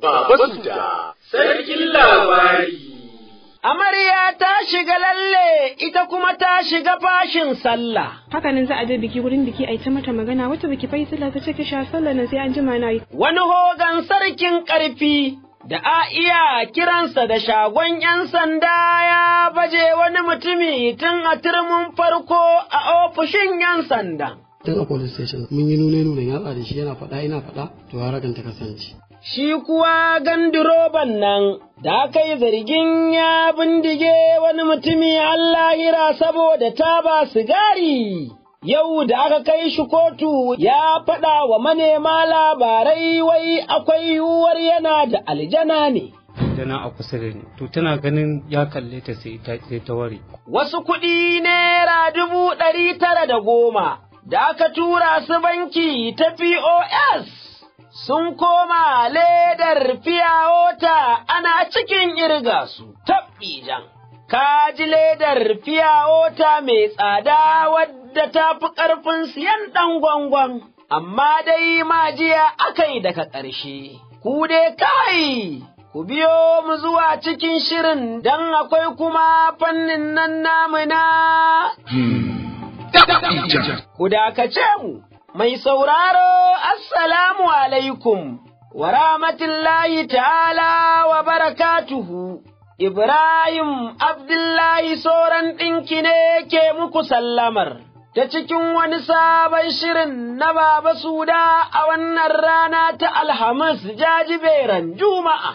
su da sarkin labari. Amarya ta shiga lalle ita kuma ta shiga fashin sallah. Hakanan za a je biki wurin biki a ta mata magana wata biki faisila ta ce sha sallah nan sai an jima na yi. Wani hogan sarkin karfi da a iya kiransa da shagon ‘yan sanda ya baje wani mutumi tun a turmin farko a ofishin ‘yan sanda. Tun a police station mun yi nune nune tsari shi yana faɗa ina faɗa to harakan kasance. shi kuwa gandiroban nan da aka yi zargin ya bindige wani mutumi Allahira saboda ta ba sigari. Yau da aka kai shi kotu ya faɗa wa manema labarai wai akwai yuwar yana da aljana ne. Tana a kusa da ni to tana ganin ya kalle ta sai ta ta ware wasu kuɗi naira dubu ɗari tara da goma da aka tura su banki ta pos sun koma ledar fiyawota ana cikin irga su taɓi jan. Ka ji ledar fiyawota mai tsada wadda ta fi ƙarfin siyan ɗan gwangwan, amma dai majiya akai daga ƙarshe. Ku dai kai, ku biyo mu zuwa cikin shirin don akwai kuma fannin nan namuna. Hmm. Ku dakace mu. Mai sauraro, Assalamu alaikum, wa rahmatullahi ta'ala wa barakatuhu, Ibrahim Abdullahi sauran ɗinki ne ke muku sallamar, ta cikin wani sabon shirin na Baba Suda a wannan rana ta Alhamis jajiberan Juma'a,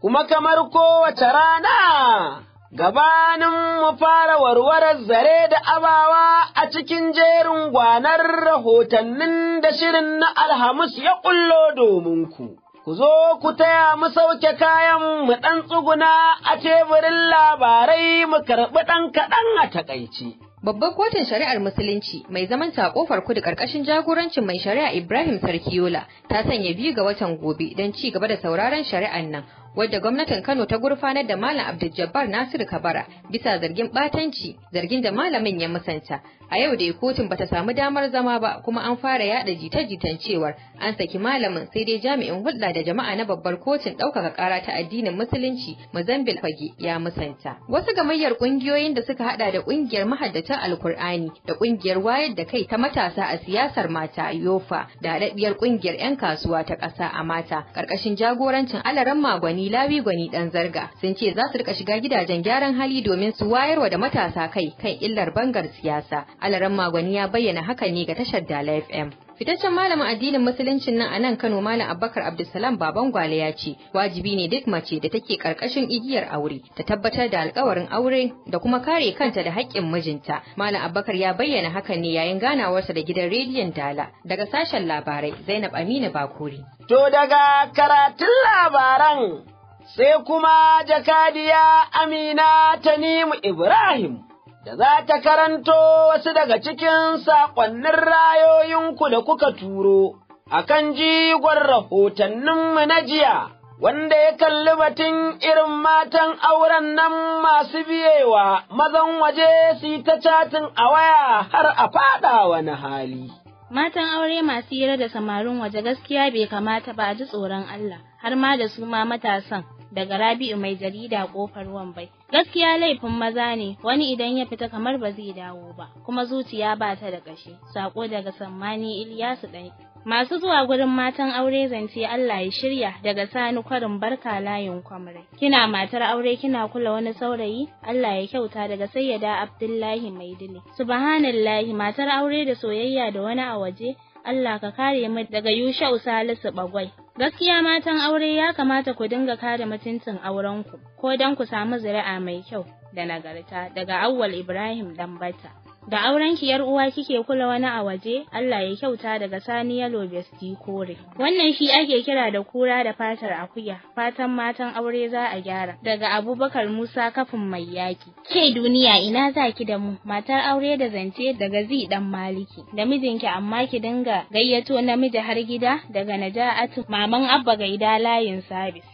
kuma kamar kowace rana. gabanin mu fara warwarar zare da abawa a cikin jerin gwanar rahotannin da shirin na Alhamis ya kullo domin ku. Ku zo ku taya mu sauke kayan mu ɗan tsuguna a teburin labarai mu karɓi ɗan kaɗan a takaici. babban kotun shari'ar Musulunci mai zaman ta kofar kudu ƙarƙashin jagorancin mai shari'a Ibrahim Sarkiyola ta sanya biyu ga watan gobe don ci gaba da sauraron shari'ar nan wadda gwamnatin Kano ta gurfanar da Malam abdul Nasiru Kabara bisa zargin batanci zargin da malamin ya musanta. A yau da kotun bata samu damar zama ba kuma an fara yada jita-jitan cewar an saki malamin sai dai jami'in hulɗa da jama'a na babbar kotun ɗaukaka ƙara ta addinin musulunci Muzambil Fage ya musanta. Wasu gamayyar ƙungiyoyin da suka hada da ƙungiyar mahaddatan Alkur'ani da ƙungiyar wayar da kai ta matasa a siyasar mata Yofa da haɗaɗɗiyar ƙungiyar 'yan kasuwa ta ƙasa a mata ƙarƙashin jagorancin Alaran Magwani Ilabi labi gwani dan zarga sun ce za su rika shiga gidajen gyaran hali domin su wayarwa da matasa kai kan illar bangar siyasa alaran magwani ya bayyana hakan ne ga tashar dala fm Fitaccen malamin addinin musuluncin nan a nan Kano Malam Abubakar Abdulsalam Baban Gwale ya ce wajibi ne duk mace da take karkashin igiyar aure ta tabbatar da alkawarin aure da kuma kare kanta da haƙƙin mijinta. Malam Abubakar ya bayyana hakan ne yayin ganawarsa da gidan rediyon Dala daga sashen labarai Zainab Aminu Bakuri. To daga karatun labaran sai kuma jakadiya Amina Tanimu Ibrahim, da za ta karanto wasu daga cikin saƙonnin rayoyinku da kuka turo, a kan jigon rahotanninmu na jiya, wanda ya kalli batun irin matan auren nan masu biyewa mazan waje su yi ta catin a waya har a faɗa wani hali. Matan aure masu hira da samarin waje gaskiya bai kamata ba a ji tsoron Allah, har ma da su ma matasan. daga Rabi'u mai jarida kofar Wambai. Gaskiya laifin maza ne, wani idan ya fita kamar ba zai dawo ba, kuma zuciya ba ta da ƙashi. Sako daga Sammani Ilyasu ɗan Masu zuwa gurin matan aure zance Allah ya shirya daga sani kwarin barka layin kwamre. Kina matar aure kina kula wani saurayi? Allah ya kyauta daga sayyada Abdullahi dili Subhanallahi matar aure da soyayya da wani a waje? Allah ka kare mu daga Yusha'u Salisu Bagwai. Gaskiya matan aure ya kamata ku dinga kare mutuncin aurenku, ko don ku samu zuri'a mai kyau da nagarta daga Auwal Ibrahim Dambata. da auren ki yar uwa kike kula wani a waje Allah ya kyauta daga sani yalo besti kore wannan shi ake kira da kura da fatar akuya fatan matan aure za a gyara daga Abubakar Musa kafin mai yaki ke duniya ina za ki da mu matar aure da zance daga zi dan maliki da mijinki amma ki dinga gayyato namiji har gida daga Naja'atu maman Abba Gaida layin sabis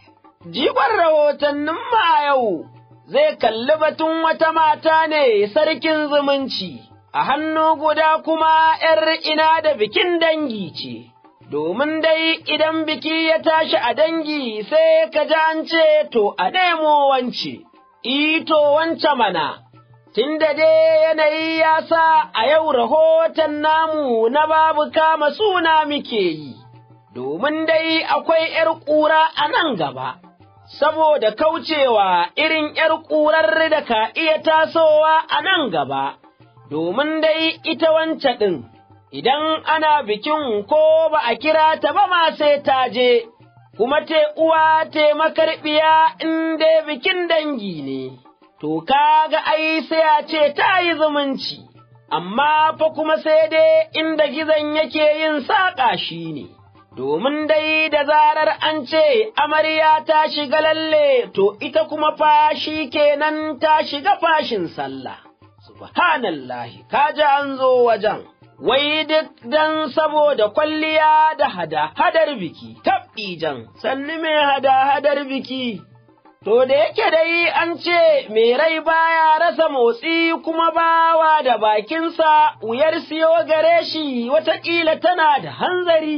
Jigon rahotannin ma yau zai kalli batun wata mata ne sarkin zumunci, a hannu guda kuma ’yar ina da bikin dangi ce, domin dai idan biki ya tashi a dangi sai ka ji to a nemo wance, ito wance mana. Tun da dai yanayi ya sa a yau rahoton namu na babu kama suna muke yi, domin dai akwai ’yar ƙura a nan gaba. saboda kaucewa irin ‘yar ƙurar da ka iya tasowa a nan gaba, domin dai ita wance ɗin, idan ana bikin ko ba a kira ta ba ma sai ta je, kuma te uwa te makarɓiya in dai bikin dangi ne, to ka ga ai sai a ce ta yi zumunci, amma fa kuma sai dai inda gizon yake yin saƙa shi ne. domin dai da zarar an ce amarya ta shiga lalle to ita kuma fashi kenan ta shiga fashin sallah. Subhanallahi, kaji an zo wajen, wai duk dan saboda kwalliya da hada hadar biki, tabbijan jan, sannu mai hada hadar biki. To da yake dai an ce mai rai baya rasa motsi kuma bawa da bakinsa wuyar siyo gare shi watakila tana da hanzari.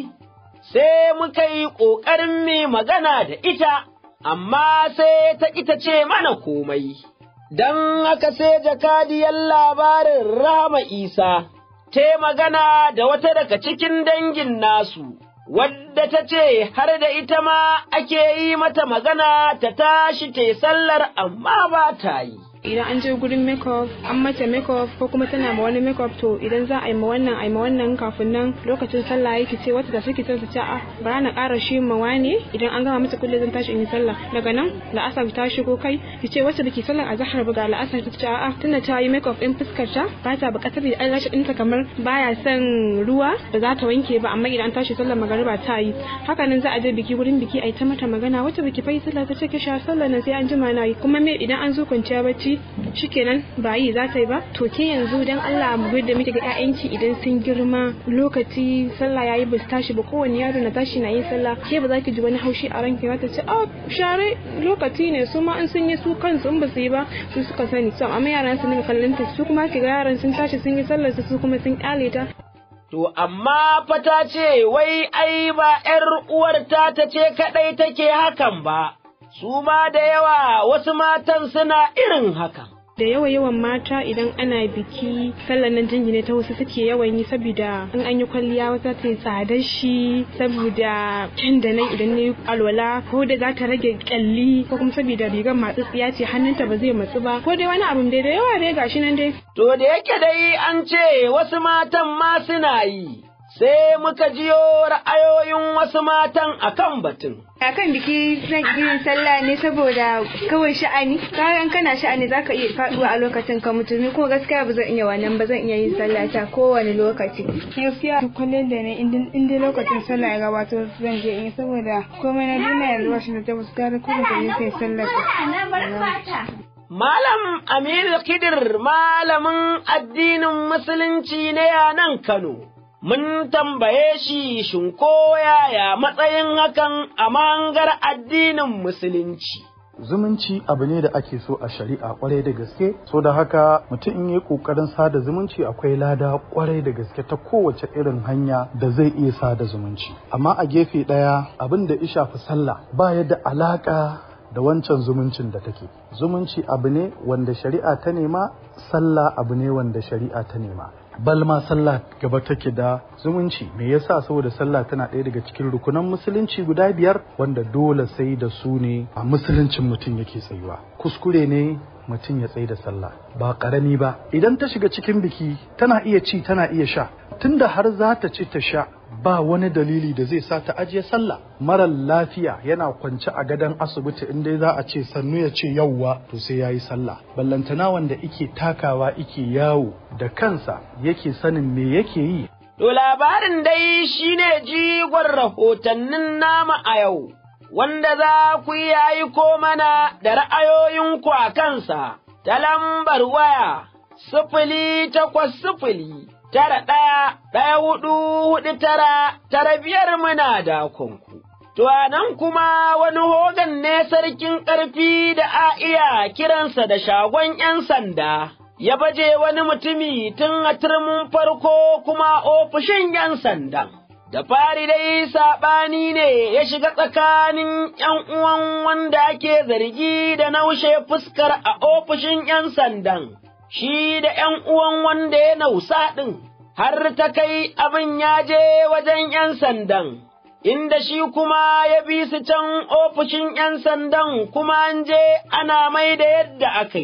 sai muka yi ƙoƙarin mai magana da ita, amma sai ta ita ce mana komai. Don haka sai jakadiyar labarin rama Isa, ta magana da wata daga cikin dangin nasu, wadda ta ce har da ita ma ake yi mata magana ta tashi ta sallar amma ba ta yi. idan an je gurin makeup an mata makeup ko kuma tana ma wani makeup to idan za a yi ma wannan a yi ma wannan kafin nan lokacin sallah yake ce wata da suke su ce a ah, bara na ƙara shi ma wani idan an gama mata kullum zan tashi in yi sallah daga nan la'asar ta shigo kai ki ce wacce ke sallar a ba ga la'asar ta ce a'a ah, tunda ta yi makeup in fuskar ta ba ta buƙatar da eyelash ɗinta kamar baya son ruwa ba za ta wanke ba amma idan an tashi sallar magariba ta yi haka nan za a je biki gurin biki a yi ta mata magana wacce biki fa yi sallah ta ce ki sha sallah nan sai an jima na yi kuma me idan an zo kwanciya bacci shi shikenan ba yi za ta yi ba to ke yanzu dan Allah mu da muke ga ƴaƴanki idan sun girma lokaci sallah yayi ba su tashi ba kowanne yaro na tashi na yin sallah ke ba za ki ji wani haushi a ranki ba ta ce oh share lokaci ne su ma in sun yi su kansu in ba su yi ba su suka sani to amma yaran su ne kallon ta su kuma ki ga yaran sun tashi sun yi sallar su kuma sun kyale ta To, amma fata ce, wai ai ba ’yar uwarta ta ce kaɗai take hakan ba. su ma da yawa wasu matan suna irin haka. da yawa yawan mata idan ana biki sallar nan ne ta wasu suke yawan yi saboda in an yi kwalliya wasu ta yi tsada shi saboda can da nan idan ne alwala ko da za ta rage kyalli ko kuma saboda rigar masu tsiya ce hannunta ba zai matsu ba ko dai wani abu da yawa dai gashi nan dai. to da yake dai an ce wasu matan ma suna yi sai muka jiyo ra'ayoyin wasu matan a kan batun. kan biki na yin sallah ne saboda kawai sha'ani kayan kana sha'ani ka iya faduwa a lokacin ka mutu ni kuma gaskiya ba zan iya wannan ba zan iya yin sallah ta kowane lokaci gaskiya duk kullun da ne in dai lokacin sallah ya gabato zan je in saboda komai na duniya yanzu ba shi da tabbas gara kullun da yake sallah Malam Aminu Kidir malamin addinin Musulunci ne a nan Kano. mun tambaye shi shin ko yaya matsayin hakan a mangar addinin musulunci. zumunci abu ne da ake so a shari'a kwarai da gaske so da haka mutum in yi ƙoƙarin sada zumunci akwai lada kwarai da gaske ta kowace irin hanya da zai iya sada zumunci amma a gefe ɗaya abin da ya shafi sallah ba yadda alaƙa da wancan zumuncin da take zumunci abu ne wanda shari'a ta nema sallah abu ne wanda shari'a ta nema balma sallah gaba take da zumunci me yasa saboda sallah tana ɗaya daga cikin rukunan musulunci guda biyar wanda dole sai da su ne a musuluncin mutum yake tsayuwa kuskure ne mutum ya tsaye da sallah ba karami ba idan ta shiga cikin biki tana iya ci tana iya sha tunda har za ta ci ta sha ba wani dalili da zai sa ta ajiye sallah marar lafiya yana kwance a gadon asibiti in dai za a ce sannu ya ce yauwa to sai ya yi sallah ballantana wanda ike takawa ike yawo da kansa yake sanin me yake yi To labarin dai shine jigon rahotannin nama a yau. wanda za ku yi ko mana da ra'ayoyinku a kansa, ta lambar waya, sifili takwas sifili, tara ɗaya, ɗaya hudu hudu tara, tara biyar muna da kunku. To, nan kuma wani hogan ne sarkin ƙarfi da a iya kiransa da shagon ‘yan sanda, ya baje wani mutumi tun a turmin farko kuma ofishin ‘yan sandan. da fari dai saɓani ne ya shiga tsakanin ‘yan uwan wanda ake zargi da naushe fuskar a ofishin ‘yan sandan, shi da ‘yan uwan wanda ya nausa ɗin, har ta kai abin ya je wajen ‘yan sandan, inda shi kuma ya bi su can ofishin ‘yan sandan kuma an je ana mai da yadda aka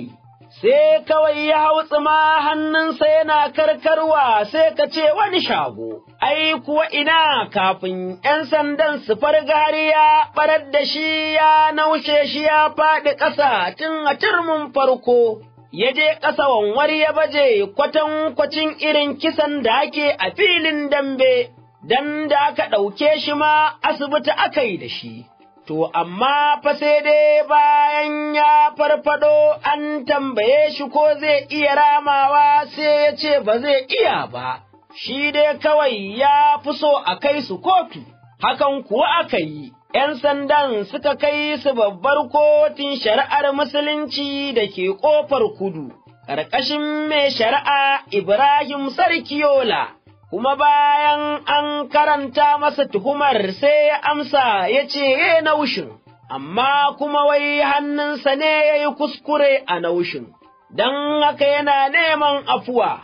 sai kawai ya hau tsima hannunsa yana karkarwa sai ka ce wani shago, ai kuwa ina kafin ‘yan sandan su fargari ya ɓarar da shi ya naushe shi ya faɗi ƙasa tun a turmin farko. Ya je ƙasa wanwar ya baje kwatankwacin irin kisan da ake a filin dambe, don da aka ɗauke shi ma asibiti aka yi da shi. To, amma fa sai dai bayan ya farfado an tambaye shi ko zai iya ramawa sai ya ce ba zai iya ba, shi dai kawai ya fi so a kai su kotu, hakan kuwa aka yi. ‘Yan sandan suka kai su babbar kotun shari'ar Musulunci da ke ƙofar kudu, ƙarƙashin mai shari'a Ibrahim Sarkiyola. kuma bayan an karanta masa tuhumar sai ya amsa ya ce ye eh, naushin, amma kuma wai hannunsa ne ya yi kuskure a naushin, don haka yana neman afuwa.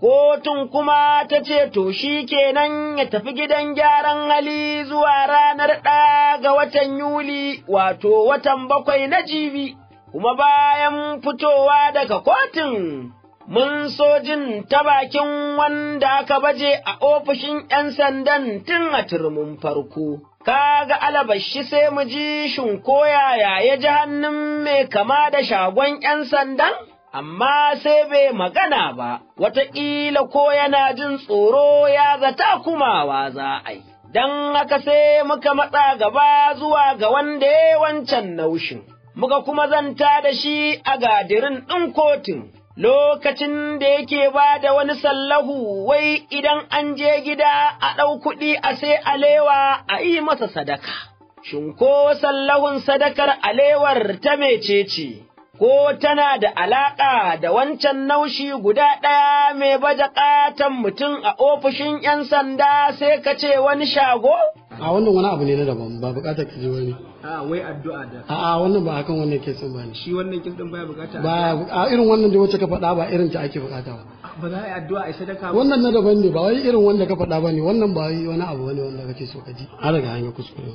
Kotun kuma ta ce to shi kenan ya tafi gidan gyaran hali zuwa ranar ɗa ga watan Yuli wato watan bakwai na jibi, kuma bayan fitowa daga kotun. mun so jin ta bakin wanda aka baje a ofishin ‘yan sandan tun a turmin farko. Kaga alabashi sai mu ji shin koyaya ya ji hannun mai kama da shagon ‘yan sandan? Amma sai bai magana ba, wataƙila ko yana jin tsoro ya zata kumawa za a yi. Don haka sai muka matsa gaba zuwa ga wanda ya wancan naushin, muka kuma zanta da shi a gadirin ɗin kotun. lokacin da yake ba da wani sallahu wai idan an je gida a ɗau kuɗi a sai alewa a yi masa sadaka. Shin ko sallahun sadakar alewar ta mece ce, ko tana da alaƙa da wancan naushi guda ɗaya mai baje ƙatan mutum a ofishin ‘yan sanda sai ka ce wani shago? A wannan wani abu ne na daban ba buƙatar ka je wani. a wai addu'a da a wannan ba akan wannan ke ba bani. shi wannan kisan baya bukata ba a irin wannan da wacce ka faɗa ba irin ta ake bukata ba ba za a yi addu'a a sadaka ba wannan na daban ne ba wai irin wanda ka faɗa ba ne wannan ba wani abu bane wanda kake so ka ji an riga an yi kuskure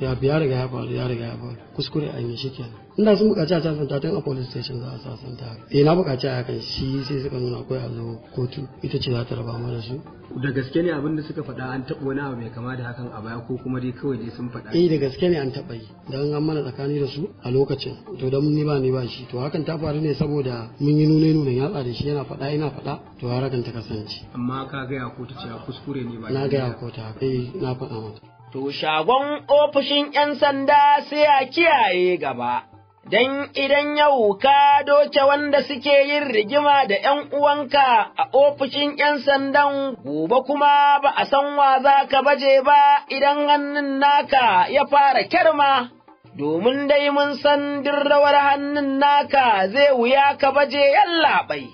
ya biya riga ya faru ya riga ya faru kuskure a yi shi kenan inda sun bukaci a sasan ta a police station za a sasan tare eh na bukaci a kan shi sai suka nuna akwai a zo kotu ita ce za ta raba mana su da gaske ne abin da suka faɗa an taɓa wani abu mai kama da hakan a baya ko kuma dai kawai dai sun faɗa eh da gaske ne an taɓa yi dan an mana tsakani da su a lokacin to dan ni ba ni ba shi to hakan ta faru ne saboda mun yi nune nune yatsa da shi yana faɗa ina faɗa to harakan ta kasance amma ka ga ya kotu cewa kuskure ne ba na ga ya kotu eh na faɗa mata to shagon ofishin ‘yan sanda sai a kiyaye gaba, don idan yau ka doke wanda suke yin rigima da ‘yan uwanka a ofishin ‘yan sandan gobe kuma ba a san wa za ka baje ba idan hannun naka ya fara kyarma. Domin dai mun san rawar hannun naka zai wuya ka baje yallaɓai,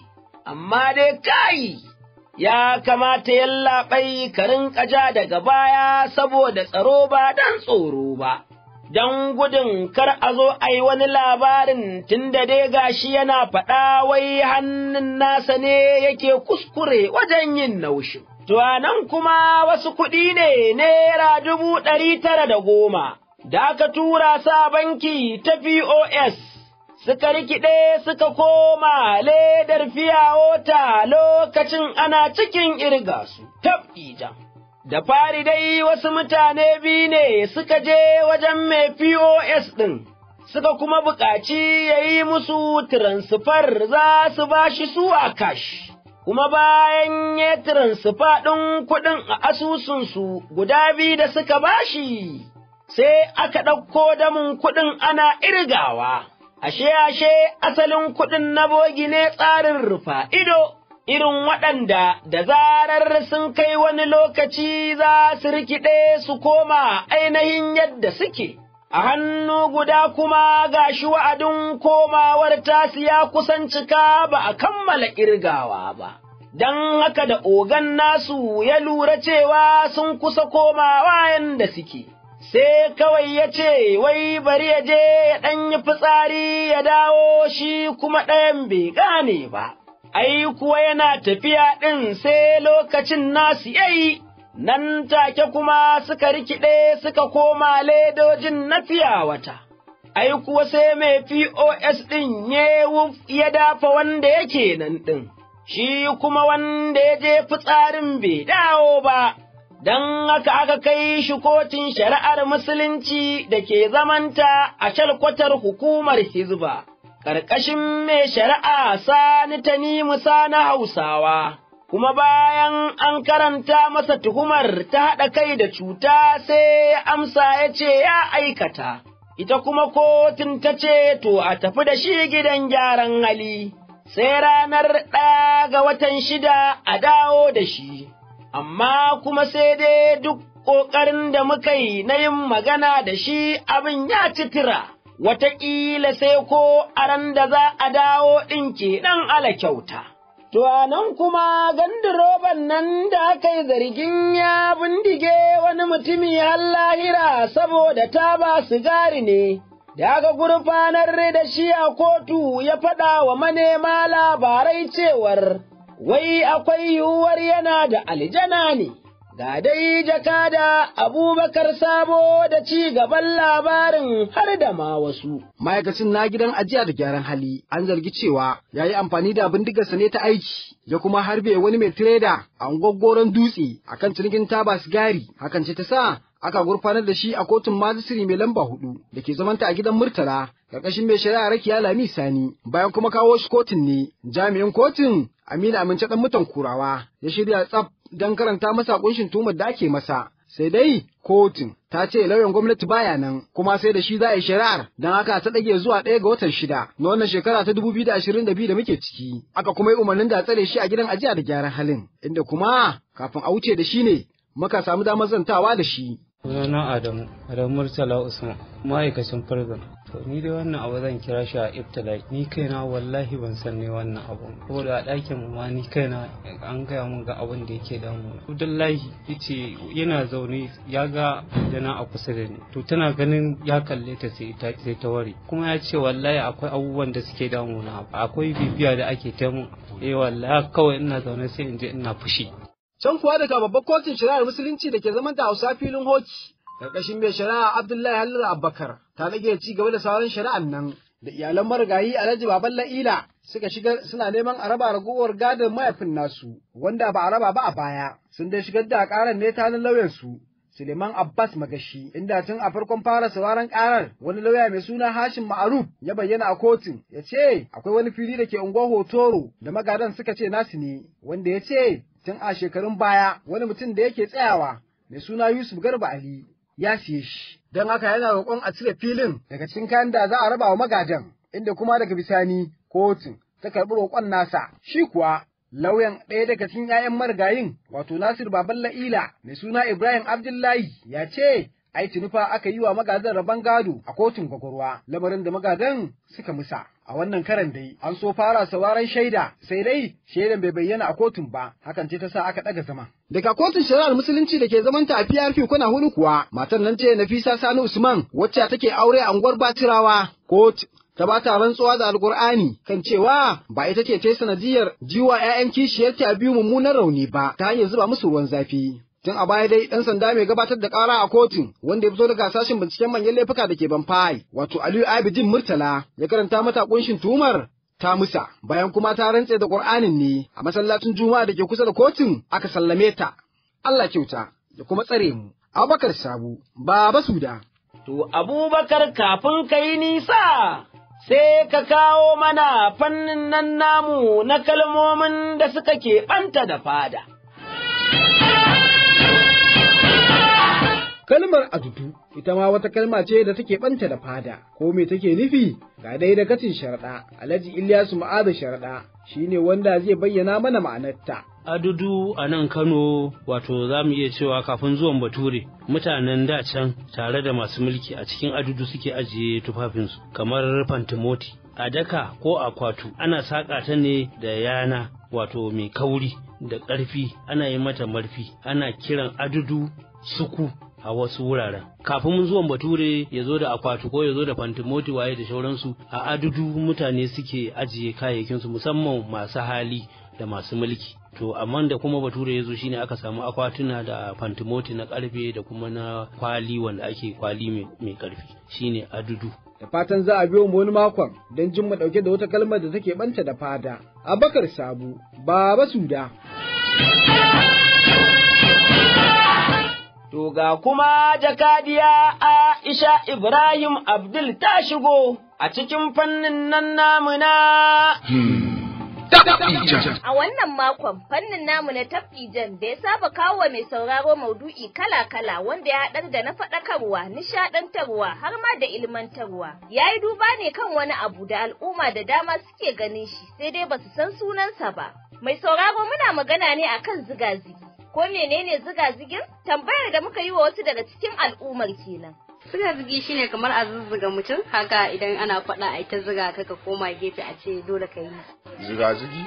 amma dai kayi. ya kamata yallaɓai ka rinƙa ja daga baya saboda tsaro ba don tsoro ba, dan gudun kar a zo a wani labarin tunda dai gashi yana faɗa wai hannun nasa ne yake kuskure wajen yin naushin. To nan kuma wasu kuɗi ne naira dubu ɗari tara da goma, da aka tura sa banki ta POS. suka rikide suka koma ledar fiyawota lokacin ana cikin irga su tab'ija. Da fari dai wasu mutane biyu ne suka je wajen mai POS ɗin, suka kuma buƙaci ya yi musu transfer za su ba shi su a kash. Kuma bayan ya transfer ɗin kuɗin a asusunsu guda biyu da suka bashi, sai aka ɗauko damun kuɗin ana irgawa. ashe ashe asalin kuɗin na bogi ne tsarin rufa ido, irin waɗanda da zarar sun kai wani lokaci za su rikide su koma ainihin yadda suke. A hannu guda kuma ga shi wa'adin komawar tasiya kusan cika ba a kammala ƙirgawa ba. Don haka da ogan nasu ya lura cewa sun kusa komawa yadda suke. sai kawai ya ce, Wai bari ya je ya ɗan yi fitsari ya dawo shi kuma ɗayan bai gane ba, ai kuwa yana tafiya ɗin sai lokacin nasu yayi, nan take kuma suka rikide suka koma ledojin na fiya wata. Ai kuwa sai mai POS ɗin ya dafa wanda yake nan ɗin, shi kuma wanda ya je fitsarin bai dawo ba. don haka aka kai shi kotun shari'ar musulunci da ke zamanta a shalkwatar hukumar Hizba, ƙarƙashin mai shari'a sani ta musa na Hausawa, kuma bayan an karanta masa tuhumar ta haɗa kai da cuta sai ya amsa ya ce ya aikata, ita kuma kotun ta ce to a tafi da shi gidan gyaran hali, sai ranar ɗaya ga watan shida a dawo da shi. amma kuma sai dai duk ƙoƙarin da muka yi na yin magana da shi abin ya citira, tira, wataƙila sai ko aran da za a dawo ɗin ke ɗan ala kyauta. Tuwanan kuma gandiroban nan da aka yi zargin ya bindige wani mutumi har lahira saboda ta ba sigari ne, da aka gurfanar da shi a kotu ya faɗa wa manema labarai cewar. wai akwai yiwuwar yana da aljana ne, ga dai jaka da abubakar sabo da ci gaban labarin har da ma wasu. Ma'aikacin na gidan ajiya da gyaran hali an zargi cewa ya yi amfani da bindigarsa ne ta aiki, ya kuma harbe wani mai tireda a gwaggoron dutse akan cinikin taba sigari, hakan ce ta sa aka gurfanar da shi a kotun majisiri mai lamba hudu da ke zamanta a gidan murtala ƙarƙashin mai shari'a rakiya lami sani bayan kuma kawo shi kotun ne jami'in kotun Aminu Amince ɗan mutan Kurawa ya shirya tsaf don karanta masa kunshin tumar da ake masa. Sai dai kotun ta ce lauyan gwamnati baya nan kuma sai da shi za a yi shari'ar don haka ta ɗage zuwa ɗaya ga watan shida na wannan shekara ta dubu biyu da ashirin da biyu da muke ciki. Aka kuma yi umarnin da tsare shi a gidan ajiya da gyaran halin inda kuma kafin a wuce da shi ne muka samu damar zantawa da shi sunana adamu adamu murtala usman ma'aikacin fargan. to ni dai wannan abu zan kira shi a ibtilai ni kaina wallahi ban san ne wannan abu Ko a ɗakin mu ma ni kaina an gaya mun ga abin da yake damu abdullahi yace yana zaune ya ga jana a kusa da ni to tana ganin ya kalle ta sai ta sai ta ware kuma ya ce wallahi akwai abubuwan da suke damu na akwai bibiya da ake ta mun eh wallahi kawai ina zaune sai in je ina fushi Can kuwa daga babbar kotun shari'ar musulunci da ke zaman da Hausa filin hoki Ƙarƙashin mai shari'a Abdullahi Halliru Abubakar ta rage ci gaba da sauran shari'ar nan da iyalan marigayi Alhaji Baban La'ila suka shiga suna neman a raba ragowar gadon mahaifin nasu wanda ba a raba ba a baya sun dai shigar da karar ne ta lauyan su Suleiman Abbas Magashi inda tun a farkon fara sauraron karar wani lauya mai suna Hashim Ma'aruf ya bayyana a kotun ya ce akwai wani fili da ke unguwar Hotoro da magadan suka ce nasu ne wanda ya ce tun a shekarun baya wani mutum da yake tsayawa mai suna Yusuf Garba Ali ya siye shi. Don haka yana roƙon a cire filin daga cikin kayan da za a raba wa magajan, inda kuma daga bisani kotun ta karɓi roƙon nasa. Shi kuwa lauyan ɗaya daga cikin 'ya'yan marigayin wato Nasir Baban La'ila mai suna Ibrahim Abdullahi ya ce ai tunufa aka yi wa magajan rabon gado a kotun gwagwarwa lamarin da magajan suka musa. a wannan karan dai an so fara sauraron shaida sai dai shaidan bai bayyana a kotun ba hakan ce ta sa aka ɗaga zama. Daga kotun shari'ar musulunci da ke zaman ta a PRP kuna hudu kuwa matar nan ce Nafisa Sani Usman wacce take aure a unguwar Batirawa kot ta ba ta rantsuwa da alkur'ani kan cewa ba ita ce ta sanadiyar jiwa 'ya'yan kishiyarta biyu mummunan rauni ba ta hanyar zuba musu ruwan zafi. Tun a baya dai ɗan sanda mai gabatar da ƙara a kotun wanda ya fito daga sashen binciken manyan laifuka da ke Banfai, wato Aliyu Abidin Murtala ya karanta mata kunshin tuhumar ta musa bayan kuma ta rantse da Qur'anin ne a masallacin Juma'a da ke kusa da kotun aka sallame ta. Allah kyauta ya kuma tsare mu. Abubakar Sabu, Baba Suda. To Abubakar kafin ka yi nisa sai ka kawo mana fannin nan namu na kalmomin da suka ke ɓanta da fada. Kalmar adudu ita ma wata kalma ce da take banta da fada, ko me take nufi ga dai da katin sharaɗa, Alhaji Ilyasu Ma'ada sharaɗa shine wanda zai bayyana mana ma'anarta. Adudu a nan Kano wato zamu iya cewa kafin zuwan Bature mutanen da can tare da masu mulki a cikin adudu suke ajiye tufafinsu kamar fantimoti. A daka ko akwatu ana saƙa ta ne da yana wato mai kauri da ƙarfi ana yi mata marfi ana kiran adudu suku a wasu wuraren kafin mun zuwan bature ya zo da akwatu ko ya zo da fantimoti waye da shauransu a adudu mutane suke ajiye kayayyakinsu musamman masu hali da masu mulki to amma da kuma bature ya zo shine aka samu akwatuna da fantimoti na karfe da kuma na kwali wanda ake kwali mai karfi shine adudu da fatan za a biyo mu wani makon don jin mu dauke da wata kalmar da take banta da fada abakar sabu baba suda To ga kuma jakadiya Aisha Ibrahim Abdul ta shigo a cikin fannin nan namuna. A wannan makon fannin namu na Taf'ijan, da ya saba kawo mai sauraro maudu'i kala-kala wanda ya haɗar da na faɗakarwa, nishaɗantarwa har ma da ilmantarwa. Ya yi duba ne kan wani abu da al'umma da dama suke ganin shi sai dai ba su san sunansa ba. Mai sauraro muna magana ne akan ziga-zigi. ko menene ziga-zigin tambayar da muka yi wa wasu daga cikin al'ummar kenan. Ziga zigi shine kamar a zuzzuga mutum haka idan ana faɗa a ita ziga ka koma gefe a ce dole ka yi. Ziga zigi?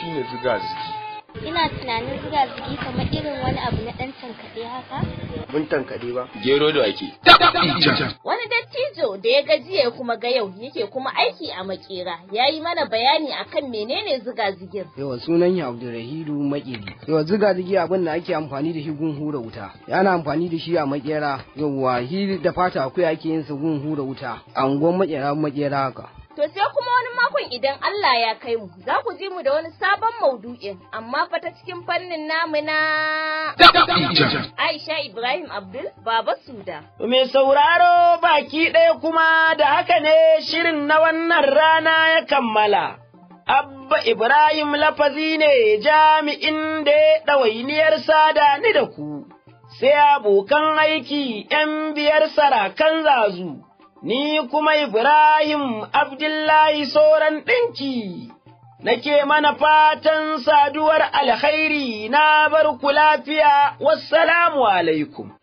shine ziga zigi. ina tunanin zuga zugi kamar irin wani abu na ɗan tankaɗe haka? Mun tankaɗe ba. Gero da ake. Wani dattijo da ya gaji ya kuma ga yau yake kuma aiki a makera ya yi mana bayani akan menene zuga zugin. Yawa sunan ya Abdulrahidu Makeri. Yawa zuga zugi abin da ake amfani da shi gun hura wuta. Yana amfani da shi a makera. Yawa hiri da fata akwai ake yin sa gun hura wuta. Angon makera makera haka. To sai kuma wani makon idan Allah ya kai mu, za ku ji mu da wani sabon maudu'in, amma fa ta cikin fannin namu na Aisha Ibrahim Abdul Baba Suda. Me sauraro baki ɗaya kuma da haka ne shirin na wannan rana ya kammala. Abba Ibrahim lafazi ne jami'in da ya ɗawainiyar sada ni da ku, sai abokan aiki ‘yan biyar sarakan zazu. ni kuma Ibrahim Abdullahi sauran ɗinki, nake mana fatan saduwar alkhairi na bar ku lafiya, wassalamu alaikum.